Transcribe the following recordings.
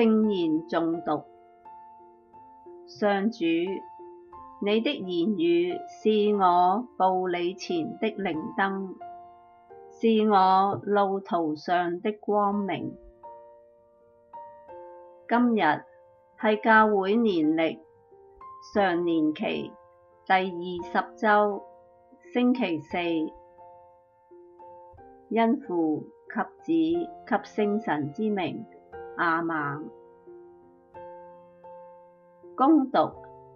聖言誦讀，上主，你的言語是我步履前的靈燈，是我路途上的光明。今日係教會年曆上常年期第二十周星期四，因父及子及聖神之名。阿們恭讀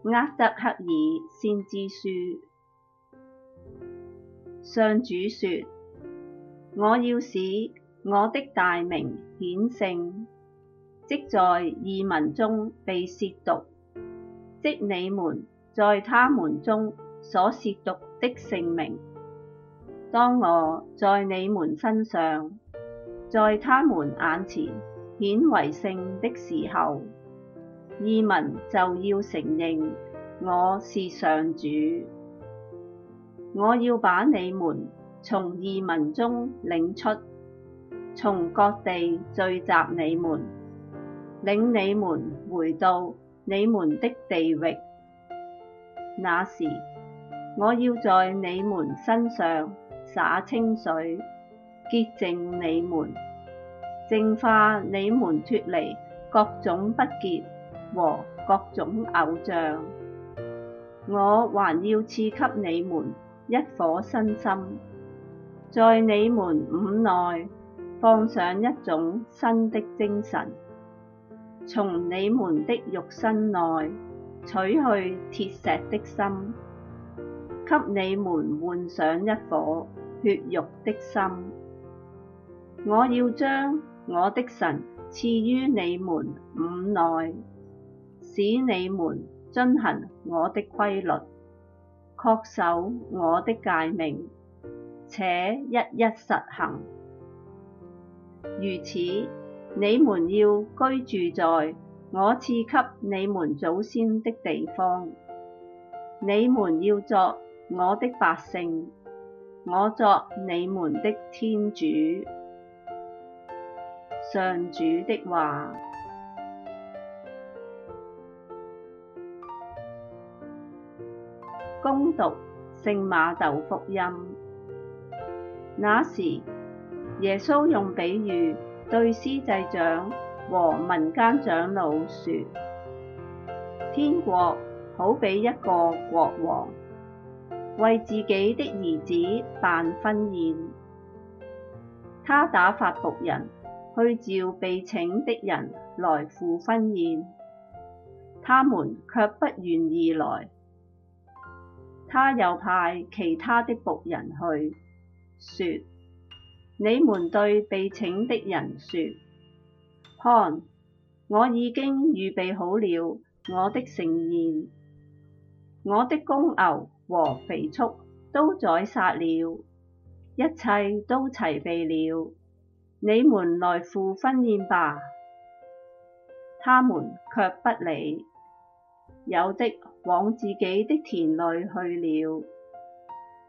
厄則克耳先知書，上主説：我要使我的大名顯聖，即在異民中被褻瀆，即你們在他們中所褻瀆的聖名。當我在你們身上，在他們眼前。顯為聖的時候，異民就要承認我是上主，我要把你們從異民中領出，從各地聚集你們，領你們回到你們的地域。那時，我要在你們身上灑清水，潔淨你們。淨化你們脫離各種不潔和各種偶像。我還要賜給你們一顆新心，在你們五內放上一種新的精神，從你們的肉身內取去鐵石的心，給你們換上一顆血肉的心。我要將我的神賜於你們五內，使你們遵行我的規律，恪守我的誡命，且一一實行。如此，你們要居住在我賜給你們祖先的地方，你們要作我的百姓，我作你們的天主。上主的話，恭讀聖瑪竇福音。那時，耶穌用比喻對司祭長和民間長老說：天國好比一個國王，為自己的兒子辦婚宴，他打發僕人去召被請的人來赴婚宴，他們卻不願意來。他又派其他的僕人去，說：你們對被請的人說，看，我已經預備好了我的盛宴，我的公牛和肥畜都宰殺了，一切都齊備了。你們來赴婚宴吧，他們卻不理。有的往自己的田裡去了，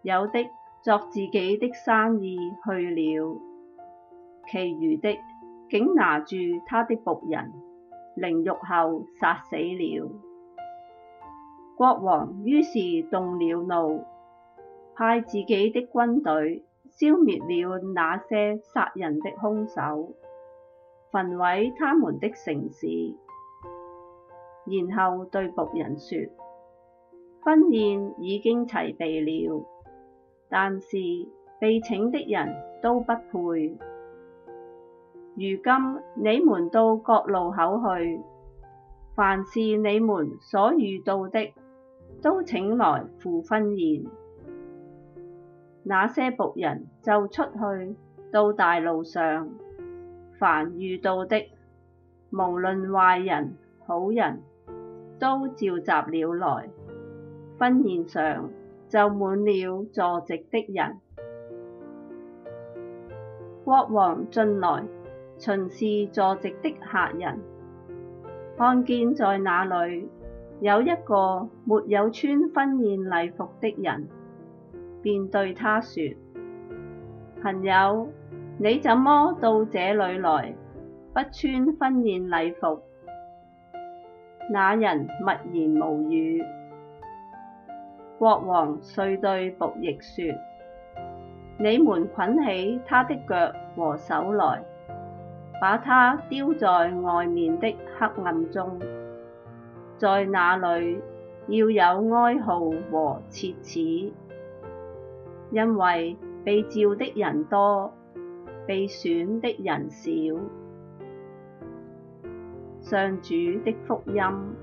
有的作自己的生意去了，其餘的竟拿住他的僕人，凌辱後殺死了。國王於是動了怒，派自己的軍隊，消滅了那些殺人的兇手，焚毀他們的城市，然後對僕人說：婚宴已經齊備了，但是被請的人都不配。如今你們到各路口去，凡是你們所遇到的，都請來赴婚宴。那些僕人就出去到大路上，凡遇到的，無論壞人好人，都召集了來。婚宴上就滿了坐席的人。國王進來巡視坐席的客人，看見在那裡有一個沒有穿婚宴禮服的人。便對他說：朋友，你怎麼到這裡來？不穿婚宴禮服。那人默然無語。國王遂對僕役說：你們捆起他的腳和手來，把他丟在外面的黑暗中，在那裏要有哀號和切齒。因為被召的人多，被選的人少。上主的福音。